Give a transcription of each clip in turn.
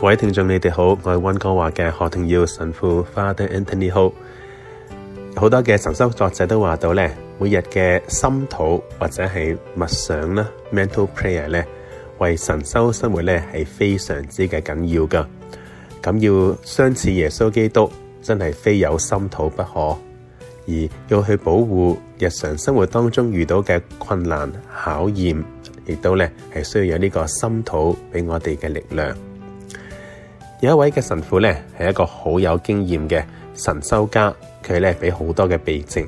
各位聽眾，你哋好，我係溫哥華嘅何庭耀神父 Father Anthony Ho。好多嘅神修作者都話到咧，每日嘅心禱或者係默想啦 mental prayer 咧，為神修生活咧係非常之嘅緊要噶。咁要相似耶穌基督，真係非有心禱不可，而要去保護日常生活當中遇到嘅困難考驗，亦都咧係需要有呢個心禱俾我哋嘅力量。有一位嘅神父呢，係一個好有經驗嘅神修家，佢呢，俾好多嘅避靜。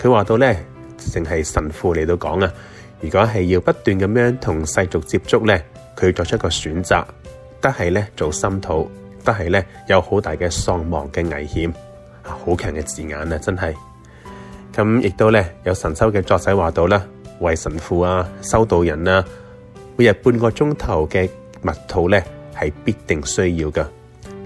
佢話到呢，淨係神父嚟到講啊，如果係要不斷咁樣同世俗接觸呢，他佢作出一個選擇，得係呢，做心禱，得係呢，有好大嘅喪亡嘅危險。好強嘅字眼啊，真係。咁亦都呢，有神修嘅作者話到啦，為神父啊、修道人啊，每日半個鐘頭嘅默禱呢。」係必定需要噶，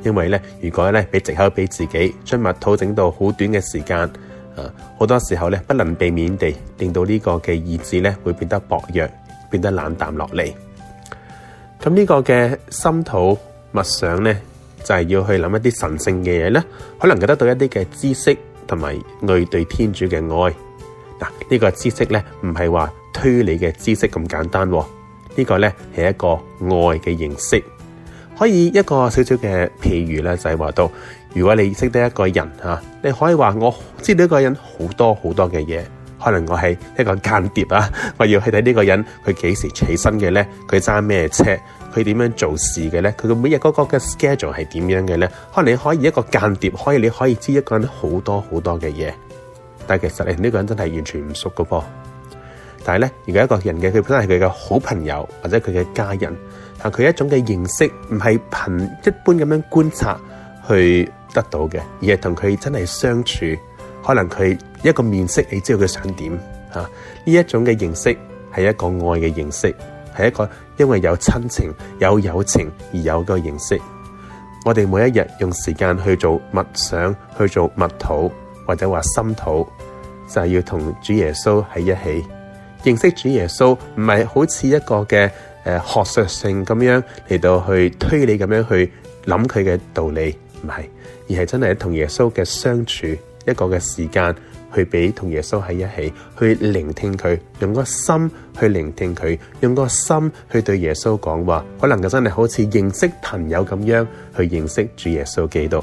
因為咧，如果咧俾藉口俾自己，將蜜土整到好短嘅時間，啊、呃，好多時候咧不能避免地令到呢個嘅意志咧會變得薄弱，變得冷淡落嚟。咁呢個嘅心土默想咧，就係、是、要去諗一啲神聖嘅嘢咧，可能覺得到一啲嘅知識，同埋愛對天主嘅愛嗱。呢、這個知識咧唔係話推理嘅知識咁簡單，這個、呢個咧係一個愛嘅形式。可以一個小小嘅譬如，咧，就係話到，如果你識得一個人嚇，你可以話我知道一個人好多好多嘅嘢。可能我係一個間諜啊，我要去睇呢個人佢幾時起身嘅咧，佢揸咩車，佢點樣做事嘅咧，佢嘅每日嗰個嘅 schedule 係點樣嘅咧。可能你可以一個間諜，可以你可以知一個人好多好多嘅嘢，但係其實你呢個人真係完全唔熟嘅噃。但係咧，如果一個人嘅，佢本身係佢嘅好朋友或者佢嘅家人，吓，佢一種嘅認識唔係憑一般咁樣觀察去得到嘅，而係同佢真係相處，可能佢一個面色你知道佢想點吓，呢一種嘅認識係一個愛嘅認識，係一個因為有親情有友情而有嘅認識。我哋每一日用時間去做默想，去做默禱或者話心禱，就係、是、要同主耶穌喺一起。認識主耶穌唔係好似一個嘅，誒學術性咁樣嚟，到去推理咁樣去諗佢嘅道理，唔係，而係真係喺同耶穌嘅相處一個嘅時間，去俾同耶穌喺一起，去聆聽佢，用個心去聆聽佢，用個心去對耶穌講話，可能就真係好似認識朋友咁樣去認識主耶穌基督。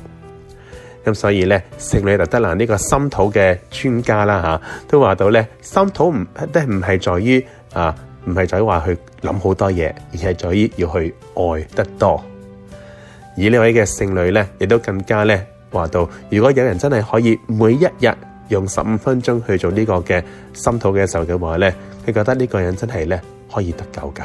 咁所以咧，聖女特德蘭呢個心土嘅專家啦嚇，都話到咧，心土唔都唔係在於啊，唔係在於話去諗好多嘢，而係在於要去愛得多。而呢位嘅聖女咧，亦都更加咧話到，如果有人真係可以每一日用十五分鐘去做呢個嘅心土嘅時候嘅話咧，佢覺得呢個人真係咧可以得救㗎。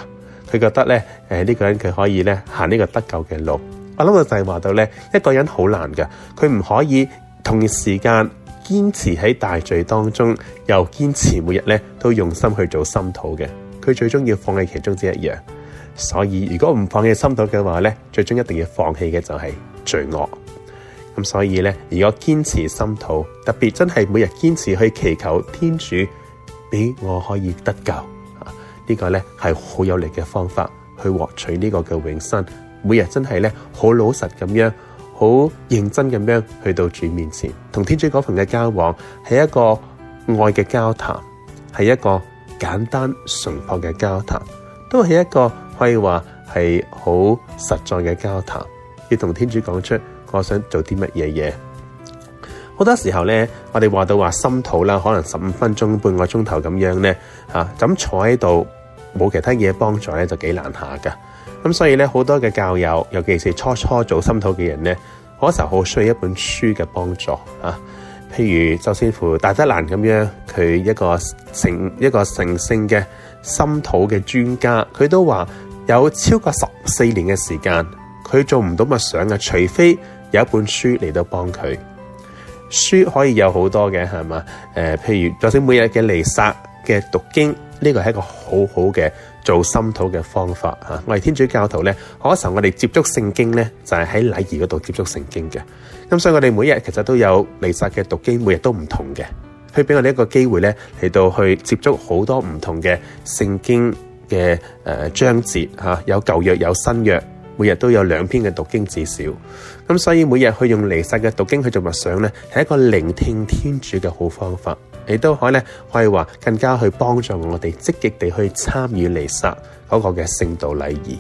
佢覺得咧，誒呢個人佢可以咧行呢個得救嘅路。我諗我就係話到咧，一個人好難噶，佢唔可以同時間堅持喺大罪當中，又堅持每日咧都用心去做心禱嘅。佢最終要放棄其中之一樣。所以如果唔放棄心禱嘅話咧，最終一定要放棄嘅就係罪惡。咁所以咧，如果堅持心禱，特別真係每日堅持去祈求天主俾我可以得救，呢個咧係好有力嘅方法去獲取呢個嘅永生。每日真係咧好老實咁樣，好認真咁樣去到主面前，同天主嗰份嘅交往，係一個愛嘅交談，係一個簡單純樸嘅交談，都係一個可以話係好實在嘅交談。要同天主講出我想做啲乜嘢嘢。好多時候咧，我哋話到話心肚啦，可能十五分鐘半個鐘頭咁樣咧，吓咁坐喺度冇其他嘢幫助咧，就幾難下噶。咁所以咧，好多嘅教友，尤其是初初做心土嘅人咧，嗰時候好需要一本書嘅幫助啊。譬如，就算符大德蘭咁樣，佢一個成一個成聖嘅心土嘅專家，佢都話有超過十四年嘅時間，佢做唔到密想嘅，除非有一本書嚟到幫佢。書可以有好多嘅，係嘛？誒、呃，譬如就算每日嘅彌撒。嘅讀經呢個係一個好好嘅做心禱嘅方法啊！我哋天主教徒咧，嗰時候我哋接觸聖經咧就係喺禮儀嗰度接觸聖經嘅。咁所以我哋每日其實都有彌撒嘅讀經，每日都唔同嘅，佢俾我哋一個機會咧嚟到去接觸好多唔同嘅聖經嘅誒章節吓，有舊約有新約。每日都有兩篇嘅讀經至少，咁所以每日去用彌撒嘅讀經去做默想呢係一個聆聽天主嘅好方法。亦都可以咧，可以話更加去幫助我哋積極地去參與彌撒嗰個嘅聖道禮儀。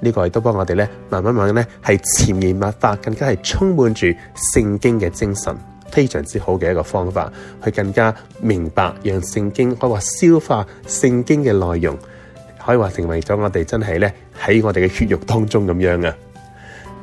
呢個亦都幫我哋咧，慢慢慢慢咧係潛移默化，更加係充滿住聖經嘅精神，非常之好嘅一個方法，去更加明白，讓聖經可以話消化聖經嘅內容。可以話成為咗我哋真係咧喺我哋嘅血肉當中咁樣、呃、啊！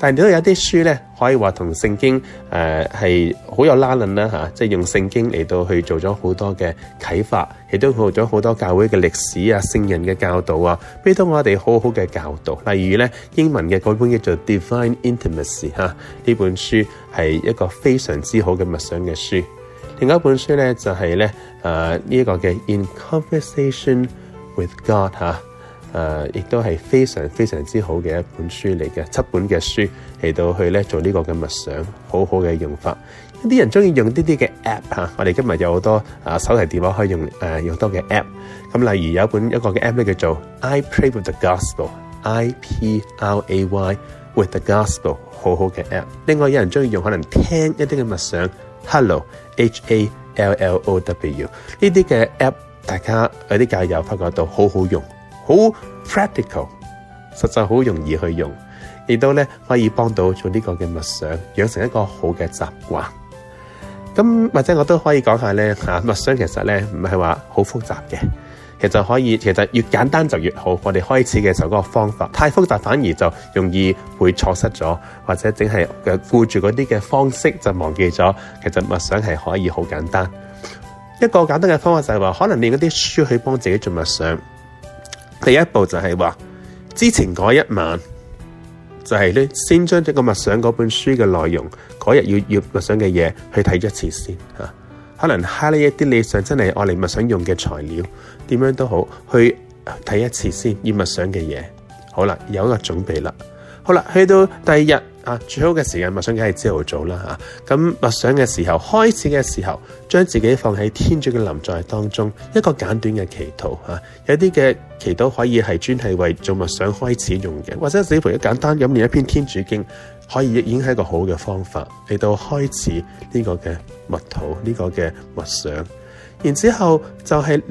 但係如果有啲書咧可以話同聖經誒係好有拉論啦吓，即係用聖經嚟到去做咗好多嘅啟發，亦都學咗好多教會嘅歷史啊、聖人嘅教導啊，俾到我哋好好嘅教導。例如咧，英文嘅嗰本叫做《Divine Intimacy》吓，呢、啊、本書係一個非常之好嘅默想嘅書。另外一本書咧就係咧誒呢一個嘅《In Conversation with God》吓。啊誒、呃，亦都係非常非常之好嘅一本書嚟嘅。七本嘅書嚟到去咧，做呢個嘅默想，好好嘅用法。一啲人中意用呢啲嘅 app、啊、我哋今日有好多啊手提電話可以用誒、啊、用多嘅 app、啊。咁例如有一本有一個嘅 app 咧叫做 I Pray with the Gospel，I P L A Y with the Gospel，好好嘅 app。另外有人中意用可能聽一啲嘅默想，Hello H A L L O W，呢啲嘅 app 大家有啲教友發覺到好好用。好 practical，實際好容易去用，亦都咧可以幫到做呢個嘅默想，養成一個好嘅習慣。咁或者我都可以講下咧吓默想，默想其實咧唔係話好複雜嘅，其實可以其實越簡單就越好。我哋開始嘅時候嗰個方法太複雜，反而就容易會錯失咗，或者淨係誒顧住嗰啲嘅方式就忘記咗。其實默想係可以好簡單，一個簡單嘅方法就係、是、話可能練嗰啲書去幫自己做默想。.第一步就係話，之前嗰一晚就係呢。先將這個默想嗰本書嘅內容，嗰日要要默想嘅嘢去睇一次先、啊、可能哈呢一啲你想真係愛嚟默想用嘅材料，點樣都好，去睇一次先要默想嘅嘢。好啦，有一個準備啦。好啦，去到第二日。最好嘅時間默想梗係朝早啦，吓，咁默想嘅時候，開始嘅時候，將自己放喺天主嘅臨在當中，一個簡短嘅祈禱吓，啊，有啲嘅祈禱可以係專係為做默想開始用嘅，或者甚至乎一簡單咁念一篇天主經，可以已經係一個好嘅方法嚟到開始呢個嘅默禱，呢，這個嘅默想，然之後就係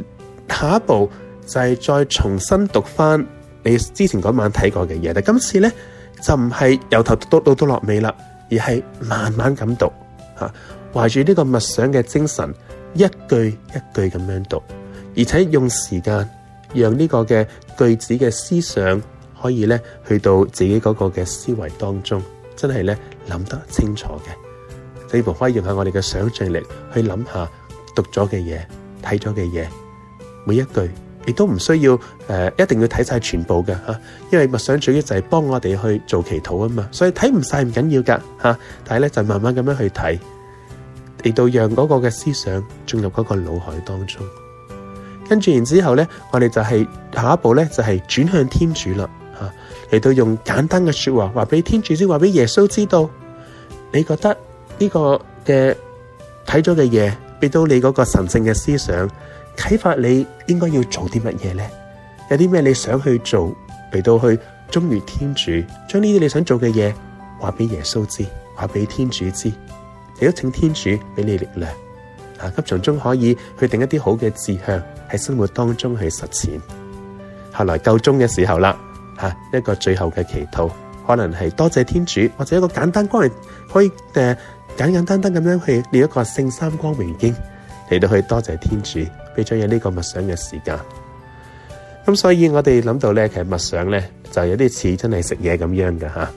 下一步，就係再重新讀翻你之前嗰晚睇過嘅嘢，但今次咧。就唔係由頭讀到到落尾啦，而係慢慢咁讀，吓，懷住呢個默想嘅精神，一句一句咁樣讀，而且用時間，讓呢個嘅句子嘅思想可以咧去到自己嗰個嘅思維當中，真係咧諗得清楚嘅。你唔可以用下我哋嘅想象力去諗下讀咗嘅嘢，睇咗嘅嘢，每一句。亦都唔需要誒、呃，一定要睇晒全部嘅吓、啊，因為默想主要就係幫我哋去做祈禱啊嘛，所以睇唔晒唔緊要噶吓，但係咧就慢慢咁樣去睇，嚟到讓嗰個嘅思想進入嗰個腦海當中，跟住然之後咧，我哋就係、是、下一步咧，就係、是、轉向天主啦吓，嚟、啊、到用簡單嘅說話話俾天主先話俾耶穌知道，你覺得呢個嘅睇咗嘅嘢，俾到你嗰個神聖嘅思想。啟發你應該要做啲乜嘢咧？有啲咩你想去做嚟到去忠於天主，將呢啲你想做嘅嘢話俾耶穌知，話俾天主知。亦都請天主俾你力量吓，急從中可以去定一啲好嘅志向，喺生活當中去實踐。後來夠鐘嘅時候啦吓，一個最後嘅祈禱，可能係多謝天主，或者一個簡單關係可以誒、uh, 簡簡單單咁樣去念一個聖三光榮經嚟到去多謝天主。俾咗有呢個默想嘅時間，咁所以我哋諗到咧，其實默想咧就有啲似真係食嘢咁樣嘅吓。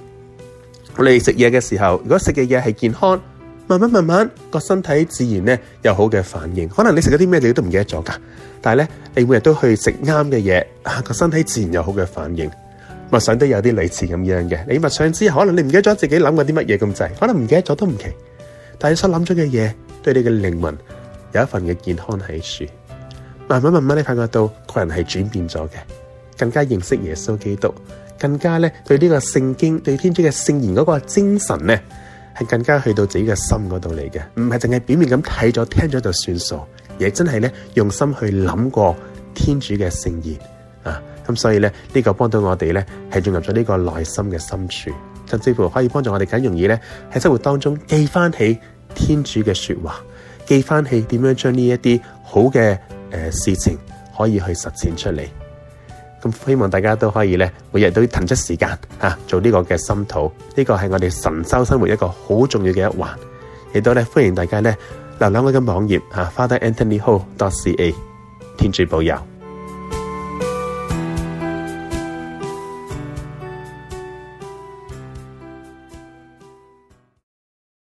我哋食嘢嘅時候，如果食嘅嘢係健康，慢慢慢慢個身體自然咧有好嘅反應。可能你食咗啲咩料都唔記得咗噶，但係咧你每日都去食啱嘅嘢，個身體自然有好嘅反應。默想都有啲類似咁樣嘅。你默想之後，可能你唔記得咗自己諗過啲乜嘢咁滯，可能唔記得咗都唔奇，但係所諗咗嘅嘢對你嘅靈魂有一份嘅健康喺處。慢慢慢慢咧，發覺到個人係轉變咗嘅，更加認識耶穌基督，更加咧對呢個聖經對天主嘅聖言嗰個精神咧係更加去到自己嘅心嗰度嚟嘅，唔係淨係表面咁睇咗聽咗就算數，而係真係咧用心去諗過天主嘅聖言啊。咁所以咧呢個幫到我哋咧係進入咗呢個內心嘅深處，甚至乎可以幫助我哋更容易咧喺生活當中記翻起天主嘅說話，記翻起點樣將呢一啲好嘅。誒，事情可以去實踐出嚟，咁希望大家都可以呢，每日都騰出時間吓做呢個嘅心禱，呢個係我哋神修生活一個好重要嘅一環，亦都呢，歡迎大家呢，瀏覽我嘅網頁吓，fatheranthonyho.ca，啊啊，天主保佑。